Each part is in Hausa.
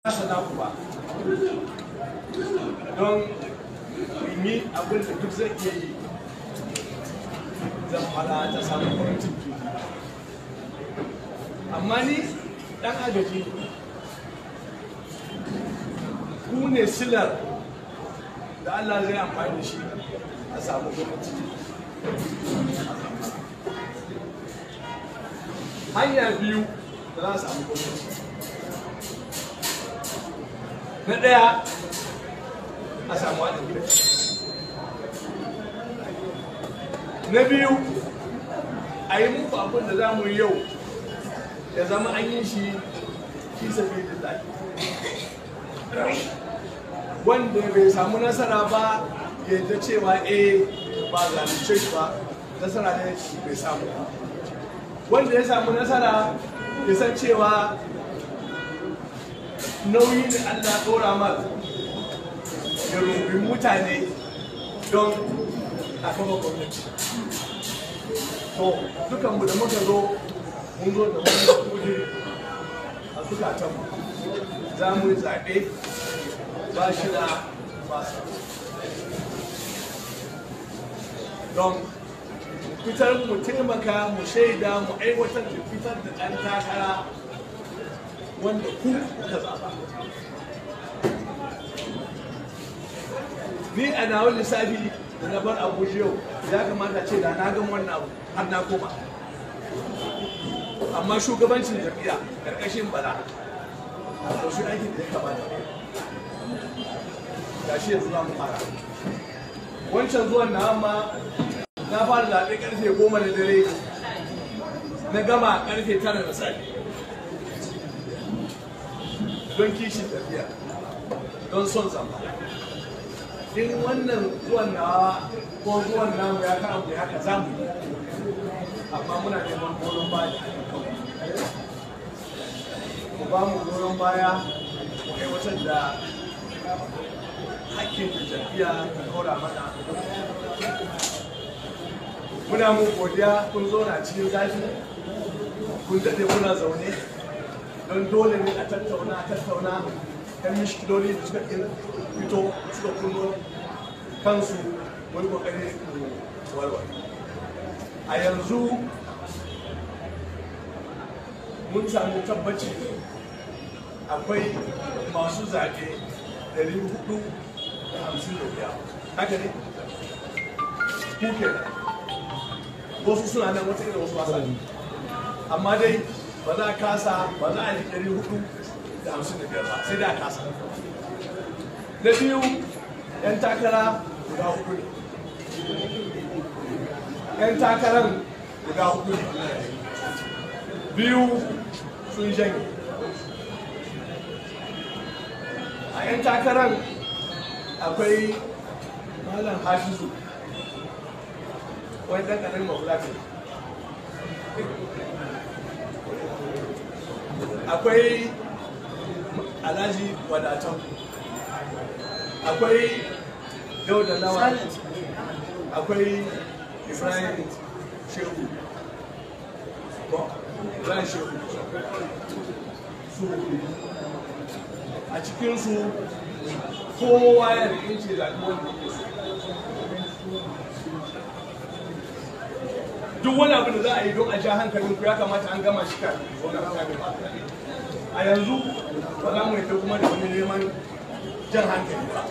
nasa naku ba don yi abin da duk zai iya yi zan fada ta samun farin ciki amma ni dan agaji ku ne silar da Allah zai amfani da shi a samu farin hanya biyu da za a samu farin na ɗaya a samu haɗin kai na biyu a yi muku abin da za mu yi yau ya zama an yi shi fi sabi da wanda bai samu nasara ba ya yadda cewa eh ba zalunce shi ba nasara ne bai samu ba wanda ya samu nasara ya san cewa Nauyin da Allah ɗora ma ya rumbi mutane don a kafa gwamnati to mu da muka zo mun zo da wani kuje a zukatanmu za mu yi zaɓe ba shi da don fitar mu taimaka mu shaida mu aiwatar da fitar da ɗan takara wanda ku ni a nawon lissafi da na bar abuja yau ya kamata ce da na gan wannan abu har na koma amma shugabancin jam'iyya ƙarƙashin bala a ƙarshen aikin da ya kamata yanzu za mu fara wancan zuwan na amma na fara zaɓe ƙarfe goma da dare na gama ƙarfe tara na safe don kishi tafiya don son zama in wannan ruwan na ko ruwan namu ya kan abu haka za mu yi amma muna neman goron baya ku ba mu goron baya ku wata da hakkin da tafiya ta kora mana muna mu godiya kun zo na cikin zafi kun daɗe kuna zaune don dole ne a tattauna a tattauna kan mishkiloli da suka fito suka kullo kansu wani kokari warware a yanzu mun samu tabbaci akwai masu zaɓe 455 haka ne kuke wasu suna nan wata irin wasu wasa amma dai ba za a kasa ba za a yi ɗari hudu da hamsin da biyar ba sai da a kasa na biyu yan takara guda hudu ne yan takaran guda hudu ne biyu sun janye a yan takaran akwai malam hafizu wani ɗan ƙarin mafulafi akwai alhaji wadatan akwai dauda lawa akwai ibrahim shehu ibrahim shehu su a cikinsu kowa ya rikinci da wanda duk wani abu da za a yi don a ja hankalin ku ya kamata an gama shi kafin a yanzu ba za mu yi kuma da wani neman jan hankali ba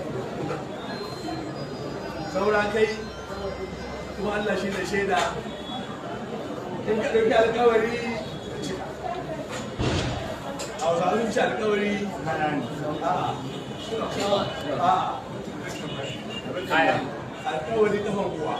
saura kai kuma Allah shi da shaida in ka ɗauki alkawari a wasu ci alkawari a kafan kuwa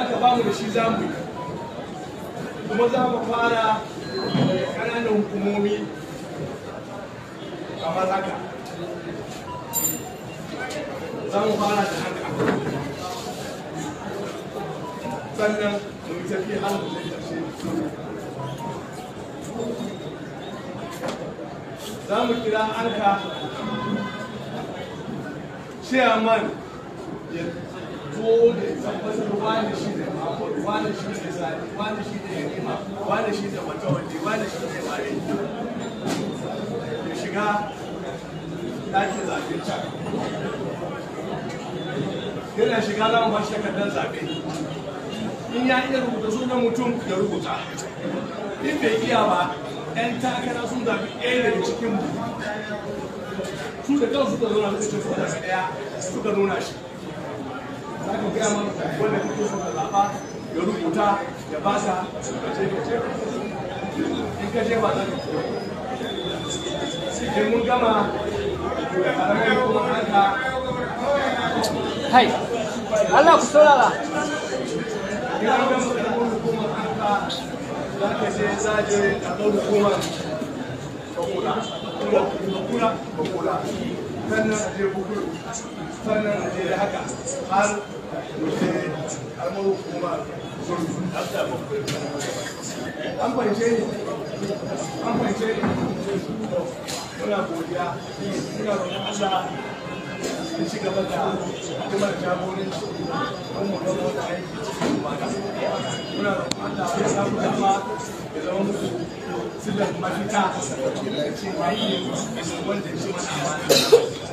aka ba mu da shi za mu yi kuma za mu fara daga ƙananan hukumomi kamar haka za mu fara da haka sannan mu yi tafi har mu zai tafi za mu kira arka chairman ya zo da tabbatar wani shi ne wani shi ne sani wani shi ne yanima wani shi ne matawalli wani shi ne wani ya shiga ɗakin zaɓe can yana shiga lawan ba takardar zaɓe in ya iya rubuta sunan mutum ya rubuta in bai iya ba 'yan takara sun zaɓi ɗaya daga cikin mu su da kansu da zauna suka ce su da ɗaya suka nuna shi aka gaya maka wanda kake so ka zaɓa ya rubuta ya baka ka je ka ce in ka jefa za ka fito idan mun gama ƙaramin kuma ka, Hai, Allah ku saurara. Idan gama ƙaramin hukumar ka, za ka je za je ka ƙaramin hukumar bakula, bakula, bakula. sannan a je bukuru sannan a je da haka har an fahimce ne an fahimce ne muna godiya muna roƙon Allah da ci gaba da hidimar jagoranci don mu gaba wata aiki cikin mata muna roƙon Allah ya samu dama ya zama musu silar mafita da cin aiki wanda ya ci mana amana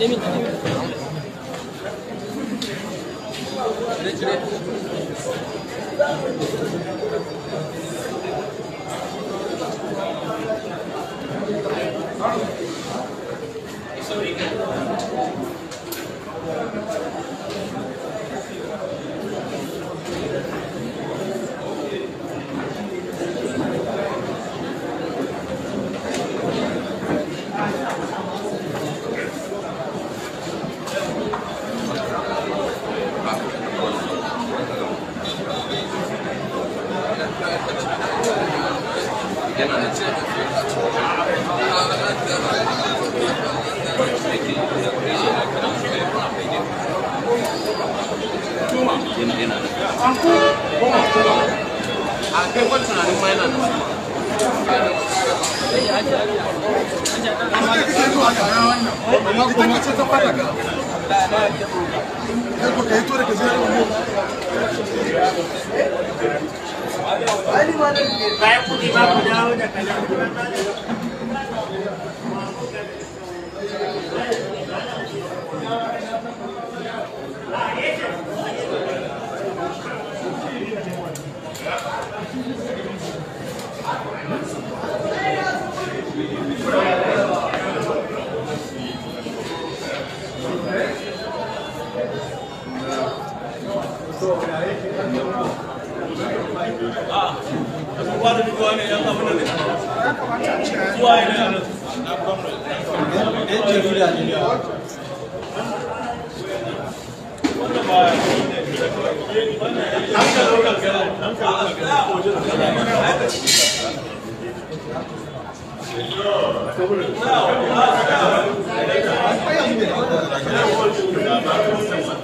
Demin, demin, demin. Süre, süre. Porque esto era que se era un Kayak putih banget jauh Kuwa da kuwa ne ya samu nan ne. Kuwa ne ya nan. Yan jarida ne. Wannan ba Danke, Lukas. Danke, Lukas. Danke, Lukas.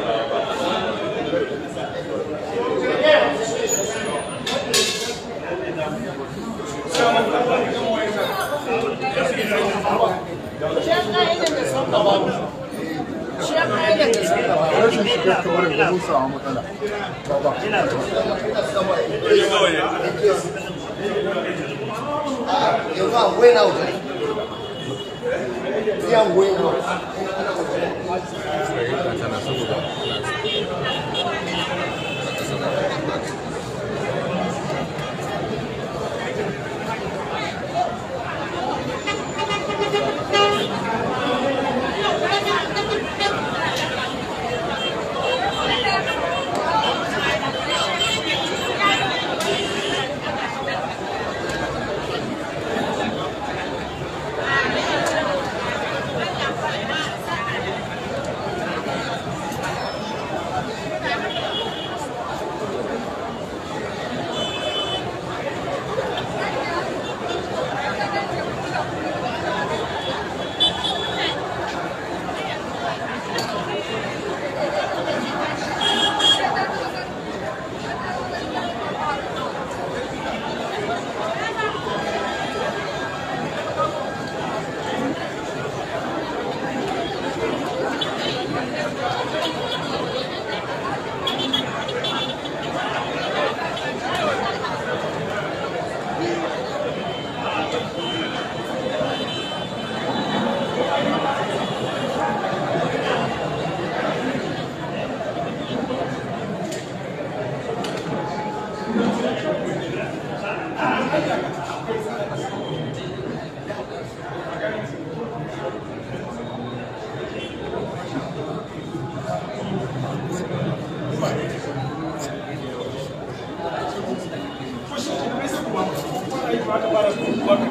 公是啊，我做了，好吧？今年的，不 Parabéns para o Banco